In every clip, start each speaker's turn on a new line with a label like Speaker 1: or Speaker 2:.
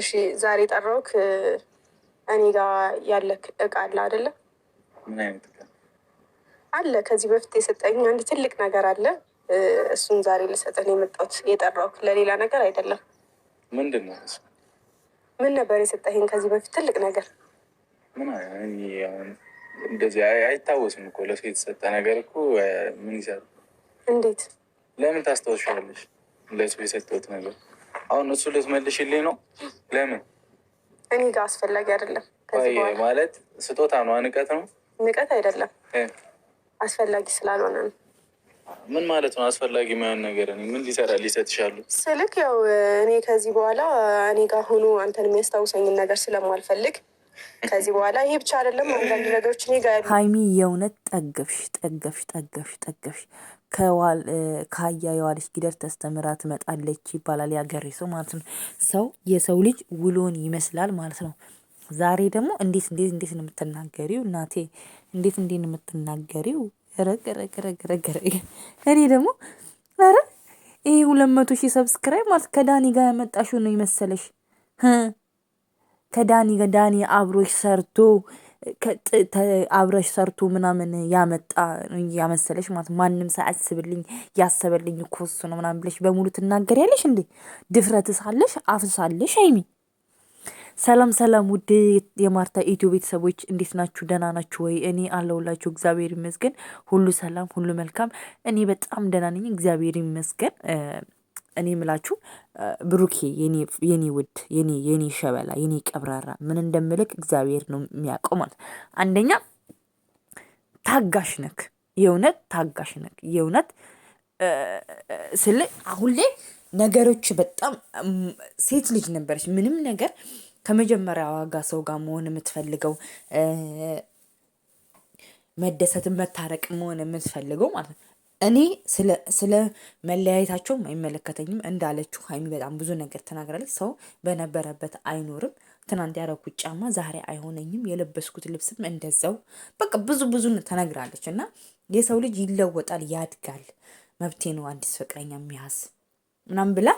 Speaker 1: እሺ ዛሬ ጠራውክ እኔ ጋር ያለክ እቃ አለ አደለ? አለ? ከዚህ በፊት የሰጠኝ አንድ ትልቅ ነገር አለ። እሱን ዛሬ ልሰጠን የመጣሁት የጠራውክ ለሌላ ነገር አይደለም። ምንድን ነው? ምን ነበር የሰጠኝ ከዚህ በፊት ትልቅ ነገር?
Speaker 2: እንደዚህ አይታወስም እኮ ለሰው የተሰጠ ነገር እኮ ምን ይሰራል? እንዴት? ለምን ታስታውሻለሽ? ለሰው የሰጠሁት ነገር አሁን እሱ ልትመልሽልኝ ነው? ለምን
Speaker 1: እኔ ጋር አስፈላጊ አይደለም።
Speaker 2: ከዚህ ማለት ስጦታ ነው፣ ንቀት ነው።
Speaker 1: ንቀት አይደለም፣ አስፈላጊ ስላልሆነ ነው።
Speaker 2: ምን ማለት ነው? አስፈላጊ የማይሆን ነገር ምን ሊሰራ ሊሰጥሻሉ?
Speaker 1: ስልክ ያው እኔ ከዚህ በኋላ እኔ ጋር ሆኖ አንተን የሚያስታውሰኝን ነገር ስለማልፈልግ ከዚህ በኋላ ይሄ ብቻ አይደለም አንዳንድ
Speaker 3: ነገሮች እኔ ጋር ሀይሚ የእውነት ጠገብሽ ጠገብሽ ጠገብሽ ጠገብሽ ከዋል ካያ የዋለች ጊደር ተስተምራ ትመጣለች ይባላል የአገሬ ሰው ማለት ነው። ሰው የሰው ልጅ ውሎን ይመስላል ማለት ነው። ዛሬ ደግሞ እንዴት እንዴት እንዴት ነው የምትናገሪው እናቴ እንዴት እንዴት ነው የምትናገሪው? ኧረ እኔ ደግሞ ኧረ ይሄ ሁለት መቶ ሺህ ሰብስክራይብ ማለት ከዳኒ ጋር ያመጣሽው ነው ይመሰለሽ? ከዳኒ ጋር ዳኒ አብሮች ሰርቶ አብረሽ ሰርቶ ምናምን ያመጣ ያመሰለሽ ማለት ማንም ሳያስብልኝ ያሰበልኝ እኮ እሱ ነው ምናምን ብለሽ በሙሉ ያለሽ እንዴ? ድፍረት ሳለሽ አፍሳለሽ ሀይሚ። ሰላም ሰላም፣ ውድ የማርታ ኢትዮ ቤተሰቦች እንዴት ናችሁ? ደህና ናችሁ ወይ? እኔ አለሁላችሁ እግዚአብሔር ይመስገን። ሁሉ ሰላም፣ ሁሉ መልካም። እኔ በጣም ደህና ነኝ፣ እግዚአብሔር ይመስገን። እኔ የምላችሁ ብሩኬ የኔ ውድ የኔ ሸበላ የኔ ቀብራራ ምን እንደምልክ እግዚአብሔር ነው የሚያውቀው። ማለት አንደኛ ታጋሽ ነክ የእውነት ታጋሽ ነክ የእውነት ስል አሁን ላይ ነገሮች በጣም ሴት ልጅ ነበረች። ምንም ነገር ከመጀመሪያ ዋጋ ሰው ጋር መሆን የምትፈልገው መደሰትን መታረቅ መሆን የምትፈልገው ማለት ነው። እኔ ስለ መለያየታቸውም አይመለከተኝም እንዳለችው ሀይሚ በጣም ብዙ ነገር ተናግራለች። ሰው በነበረበት አይኖርም። ትናንት ያረኩት ጫማ ዛሬ አይሆነኝም፣ የለበስኩት ልብስም እንደዛው። በቃ ብዙ ብዙ ተናግራለች። እና የሰው ልጅ ይለወጣል፣ ያድጋል፣ መብቴ ነው አዲስ ፍቅረኛ የሚያዝ ምናምን ብላ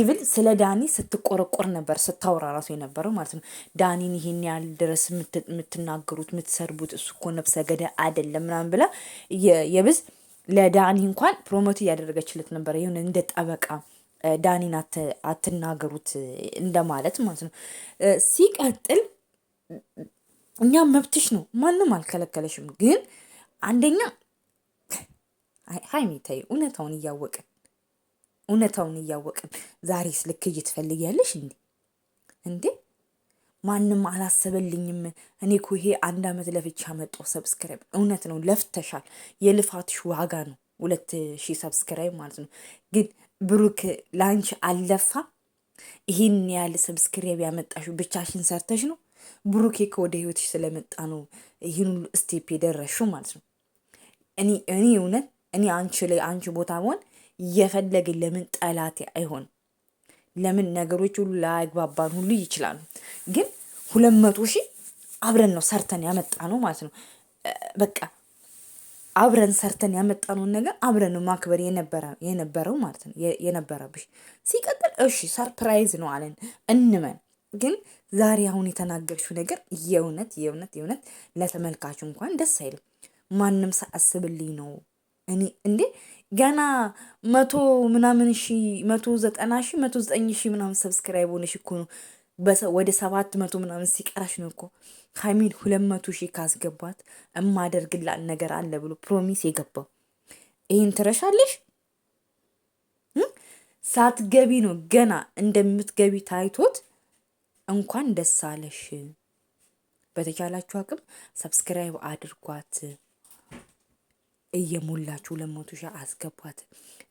Speaker 3: ኢቭን ስለ ዳኒ ስትቆረቆር ነበር ስታወራ ራሱ የነበረው ማለት ነው። ዳኒን ይሄን ያህል ድረስ የምትናገሩት የምትሰርቡት፣ እሱ እኮ ነብሰ ገዳይ አይደለም ምናምን ብላ የብዝ ለዳኒ እንኳን ፕሮሞት እያደረገችለት ነበረ። ይሁን እንደ ጠበቃ ዳኒን አትናገሩት እንደማለት ማለት ነው። ሲቀጥል እኛ መብትሽ ነው፣ ማንም አልከለከለሽም። ግን አንደኛ ሀይሚ ተይ፣ እውነታውን እያወቅን እውነታውን እያወቅን ዛሬስ ልክ እየትፈልጊያለሽ እንዴ እንዴ ማንም አላሰበልኝም። እኔ እኮ ይሄ አንድ አመት ለፍቼ ያመጣው ሰብስክራይብ እውነት ነው፣ ለፍተሻል። የልፋትሽ ዋጋ ነው ሁለት ሺህ ሰብስክራይብ ማለት ነው። ግን ብሩክ ላንች አለፋ ይህን ያህል ሰብስክራይብ ያመጣሽ ብቻሽን ሰርተሽ ነው። ብሩኬ ከወደ ህይወትሽ ስለመጣ ነው ይህን ሁሉ ስቴፕ የደረሽው ማለት ነው። እኔ እኔ እውነት እኔ አንቺ ላይ አንቺ ቦታ መሆን እየፈለገ ለምን ጠላቴ አይሆንም? ለምን ነገሮች ሁሉ ላያግባባን ሁሉ ይችላሉ ግን ሁለት መቶ ሺህ አብረን ነው ሰርተን ያመጣ ነው ማለት ነው። በቃ አብረን ሰርተን ያመጣ ያመጣነውን ነገር አብረን ነው ማክበር የነበረው ማለት ነው የነበረብሽ። ሲቀጥል እሺ ሰርፕራይዝ ነው አለን እንመን። ግን ዛሬ አሁን የተናገርሽው ነገር የእውነት የእውነት የእውነት ለተመልካቹ እንኳን ደስ አይልም። ማንም ሳያስብልኝ ነው እኔ እንዴ ገና መቶ ምናምን ሺ መቶ ዘጠና ሺ መቶ ዘጠኝ ሺ ምናምን ሰብስክራይብ ሆነሽ እኮ ነው ወደ ሰባት መቶ ምናምን ሲቀራሽ ነው እኮ ሀይሚን ሁለት መቶ ሺህ ካስገባት እማደርግላት ነገር አለ ብሎ ፕሮሚስ የገባው። ይህን ትረሻለሽ። ሳትገቢ ነው ገና እንደምትገቢ ታይቶት እንኳን ደስ አለሽ። በተቻላችሁ አቅም ሰብስክራይብ አድርጓት እየሞላችሁ ለመቶ መቶ ሺህ አስገቧት።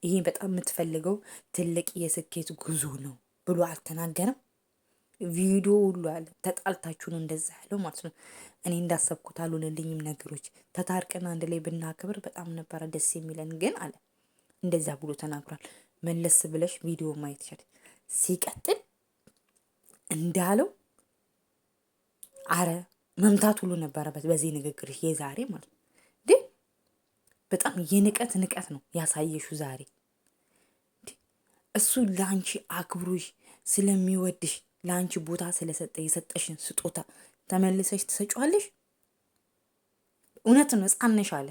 Speaker 3: ይሄ በጣም የምትፈልገው ትልቅ የስኬት ጉዞ ነው ብሎ አልተናገረም። ቪዲዮ ሁሉ አለ። ተጣልታችሁ ነው እንደዛ ያለው ማለት ነው። እኔ እንዳሰብኩት አልሆነልኝም ነገሮች። ተታርቀን አንድ ላይ ብናከብር በጣም ነበረ ደስ የሚለን ግን አለ እንደዛ ብሎ ተናግሯል። መለስ ብለሽ ቪዲዮ ማየት ይችላል። ሲቀጥል እንዳለው አረ መምታት ሁሉ ነበረበት በዚህ ንግግር የዛሬ ማለት ነው። ግን በጣም የንቀት ንቀት ነው ያሳየሹ ዛሬ እሱ ለአንቺ አክብሮሽ ስለሚወድሽ ለአንቺ ቦታ ስለሰጠ የሰጠሽን ስጦታ ተመልሰሽ ትሰጫዋለሽ? እውነት ነው፣ ሕፃን አለ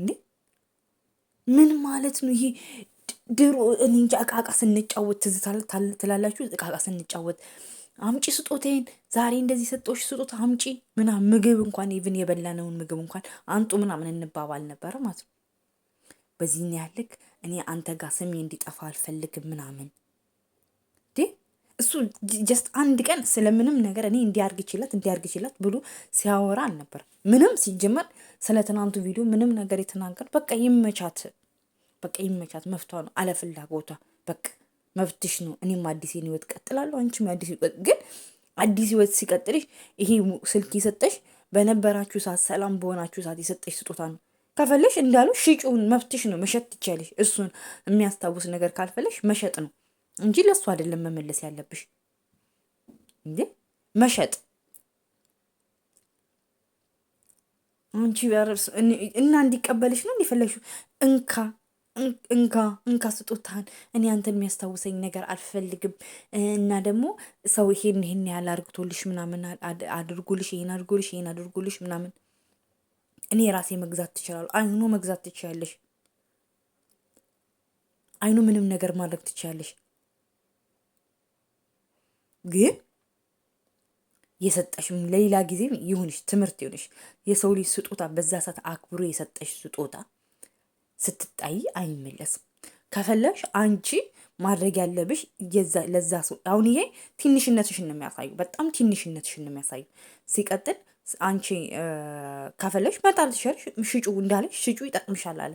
Speaker 3: እንዴ። ምን ማለት ነው ይሄ? ድሮ እንጃ እቃቃ ስንጫወት ትዝ ትላላችሁ። እቃቃ ስንጫወት አምጪ ስጦቴን ዛሬ እንደዚህ ሰጦሽ ስጦታ አምጪ ምና ምግብ እንኳን ይብን የበላነውን ምግብ እንኳን አንጡ ምናምን እንባባል ነበረ ማለት ነው። በዚህን ያህል እኔ አንተ ጋር ስሜ እንዲጠፋ አልፈልግም ምናምን እሱ ጀስት አንድ ቀን ስለምንም ነገር እኔ እንዲያርግ ይችላት እንዲያርግ ይችላት ብሎ ሲያወራ አልነበር። ምንም ሲጀመር ስለ ትናንቱ ቪዲዮ ምንም ነገር የተናገር በቃ ይመቻት፣ በቃ ይመቻት። መፍቷ ነው አለፍላጎቷ፣ በቃ መብትሽ ነው። እኔም አዲስ ህይወት ቀጥላለሁ፣ አንቺም አዲስ ግን አዲስ ህይወት ሲቀጥልሽ ይሄ ስልክ የሰጠሽ በነበራችሁ ሰዓት ሰላም በሆናችሁ ሰዓት የሰጠሽ ስጦታ ነው። ከፈለሽ እንዳሉ ሽጩን፣ መብትሽ ነው። መሸጥ ትቻለሽ። እሱን የሚያስታውስ ነገር ካልፈለሽ መሸጥ ነው። እንጂ ለሱ አይደለም መመለስ ያለብሽ። እንዴ መሸጥ አንቺ እና እንዲቀበልሽ ነው እንዲፈለግሽው። እንካ እንካ እንካ ስጦታህን። እኔ አንተን የሚያስታውሰኝ ነገር አልፈልግም። እና ደግሞ ሰው ይሄን ይሄን ያህል አርግቶልሽ ምናምን አድርጎልሽ ይሄን አድርጎልሽ ይሄን አድርጎልሽ ምናምን እኔ ራሴ መግዛት ትችላለሁ። አይኑ መግዛት ትችላለሽ። አይኑ ምንም ነገር ማድረግ ትችላለሽ። ግን የሰጠሽም ለሌላ ጊዜ ይሁንሽ ትምህርት ይሁንሽ። የሰው ልጅ ስጦታ በዛ ሰዓት አክብሮ የሰጠሽ ስጦታ ስትጣይ አይመለስም። ከፈለሽ አንቺ ማድረግ ያለብሽ ለዛ ሰው አሁን ይሄ ትንሽነትሽን ነው የሚያሳዩ፣ በጣም ትንሽነትሽን ነው የሚያሳዩ። ሲቀጥል አንቺ ከፈለሽ መጣል ትችያለሽ። ሽጩ እንዳለሽ ሽጩ ይጠቅምሻል አለ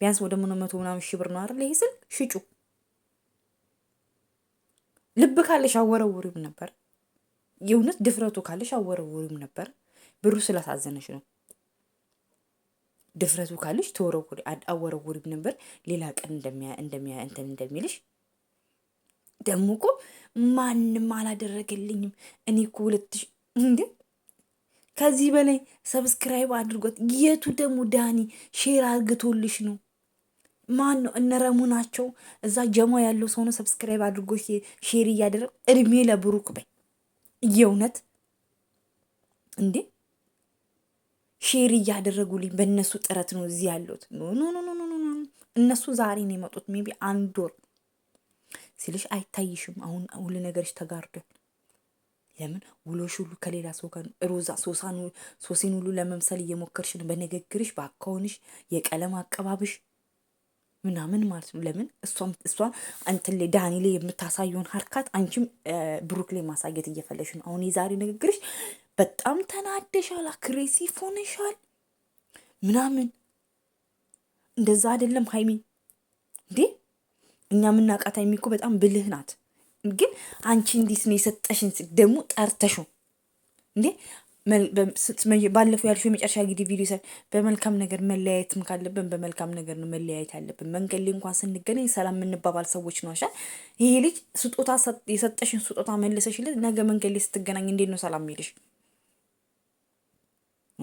Speaker 3: ቢያንስ ወደ ምኖ መቶ ምናምን ሺህ ብር ነው አይደል? ይሄ ስል ሽጩ ልብ ካለሽ አወረውሪም ነበር። የእውነት ድፍረቱ ካለሽ አወረውሪም ነበር። ብሩ ስላሳዘነች ነው። ድፍረቱ ካለሽ ተወረውሪ አወረውሪም ነበር። ሌላ ቀን እንደሚያ እንትን እንደሚልሽ ደግሞ እኮ ማንም አላደረገልኝም። እኔ እኮ ሁለት ከዚህ በላይ ሰብስክራይብ አድርጓት። የቱ ደግሞ ዳኒ ሼር አርግቶልሽ ነው ማን ነው? እነረሙ ናቸው። እዛ ጀማ ያለው ሰው ነው። ሰብስክራይብ አድርጎ ሼር እያደረግ እድሜ ለብሩክ በይ። የእውነት እንዴ ሼር እያደረጉልኝ በእነሱ ጥረት ነው እዚህ ያለሁት። እነሱ ዛሬ ነው የመጡት። ሜቢ አንድ ወር ሲልሽ አይታይሽም። አሁን ሁሉ ነገርሽ ተጋርዷል። ለምን ውሎሽ ሁሉ ከሌላ ሰው ጋር ሮዛ ሶሳን ሶሴን ሁሉ ለመምሰል እየሞከርሽ ነው፣ በንግግርሽ፣ በአካውንሽ፣ የቀለም አቀባብሽ ምናምን ማለት ነው። ለምን እሷም እሷ እንትን ላይ ዳኒ ላይ የምታሳየውን ሀርካት አንቺም ብሩክ ላይ ማሳየት እየፈለሽ ነው። አሁን የዛሬ ንግግርሽ በጣም ተናደሻል፣ አክሬሲቭ ሆነሻል ምናምን እንደዛ አይደለም ሀይሚ እንዴ እኛ የምናውቃት ሀይሚ እኮ በጣም ብልህ ናት። ግን አንቺ እንዲስ ነው የሰጠሽን ደግሞ ጠርተሽው እንዴ ባለፈው ያልሽው የመጨረሻ ጊዜ ቪዲዮ ይሰ በመልካም ነገር መለያየትም ካለብን በመልካም ነገር ነው መለያየት ያለብን። መንገድ ላይ እንኳን ስንገናኝ ሰላም የምንባባል ሰዎች ነው። አሻ ይሄ ልጅ ስጦታ የሰጠሽን ስጦታ መልሰሽለት ነገ መንገድ ላይ ስትገናኝ እንዴት ነው ሰላም የሚልሽ?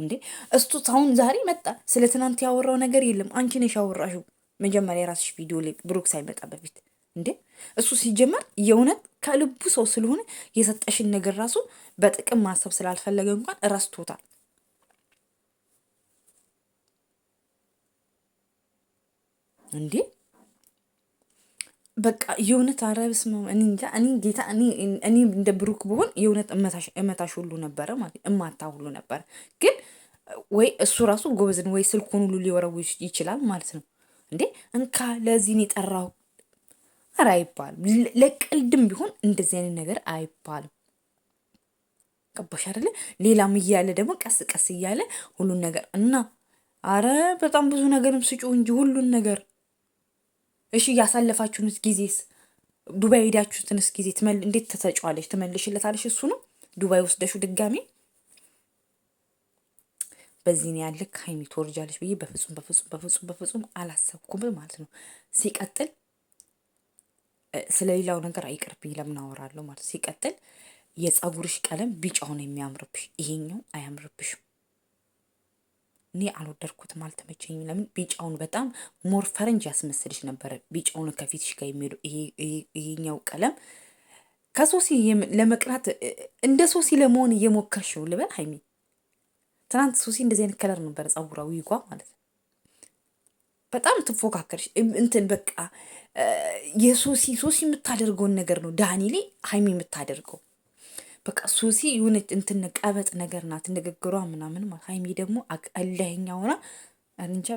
Speaker 3: እንዴ እስቱ ዛሬ መጣ። ስለ ትናንት ያወራው ነገር የለም። አንቺ ነሽ ያወራሽው መጀመሪያ የራስሽ ቪዲዮ ላይ ብሩክ ሳይመጣ በፊት እንዴ እሱ ሲጀመር የእውነት ከልቡ ሰው ስለሆነ የሰጠሽን ነገር ራሱ በጥቅም ማሰብ ስላልፈለገ እንኳን ረስቶታል። እንዴ በቃ የእውነት አረብስ እኔ ጌታ እኔ እንደ ብሩክ ብሆን የእውነት እመታሽ ሁሉ ነበረ ማለት እማታ ሁሉ ነበረ። ግን ወይ እሱ ራሱ ጎበዝን ወይ ስልኩን ሁሉ ሊወረው ይችላል ማለት ነው። እንዴ እንካ ለዚህ ነው የጠራው ኧረ አይባልም። ለቀልድም ቢሆን እንደዚህ አይነት ነገር አይባልም። ቀባሽ አይደለ? ሌላም እያለ ደግሞ ቀስ ቀስ እያለ ሁሉን ነገር እና አረ በጣም ብዙ ነገርም ስጩ እንጂ ሁሉን ነገር እሺ። ያሳለፋችሁንስ ጊዜስ ዱባይ ሄዳችሁትንስ ጊዜ እንዴት ተሰጫዋለች? ትመልሽለታለሽ? እሱ ነው ዱባይ ወስደሹ ድጋሜ በዚህ ነው ያለ ሃይሚ ትወርጃለች ብዬ በፍጹም በፍጹም በፍጹም በፍጹም አላሰብኩም ማለት ነው። ሲቀጥል ስለሌላው ነገር አይቅርብኝ ለምን አወራለሁ ማለት ሲቀጥል የፀጉርሽ ቀለም ቢጫውን የሚያምርብሽ ይሄኛው አያምርብሽም። እኔ አልወደድኩትም፣ አልተመቸኝም። ለምን ቢጫውን በጣም ሞር ፈረንጅ ያስመስልሽ ነበረ። ቢጫውን ከፊትሽ ጋር የሚሄዱ ይሄኛው ቀለም ከሶሲ ለመቅራት እንደ ሶሲ ለመሆን እየሞከርሽ ልበል ሀይሚ። ትናንት ሶሲ እንደዚህ አይነት ከለር ነበረ ጸጉራዊ ይጓ ማለት ነው። በጣም ትፎካከርሽ እንትን በቃ የሶሲ ሶሲ የምታደርገውን ነገር ነው ዳኒሌ ሀይሚ የምታደርገው በቃ ሶሲ የሆነች እንትን ቀበጥ ነገር ናት ንግግሯ ምናምን ሀይሚ ደግሞ አለህኛ ሆና እንጃ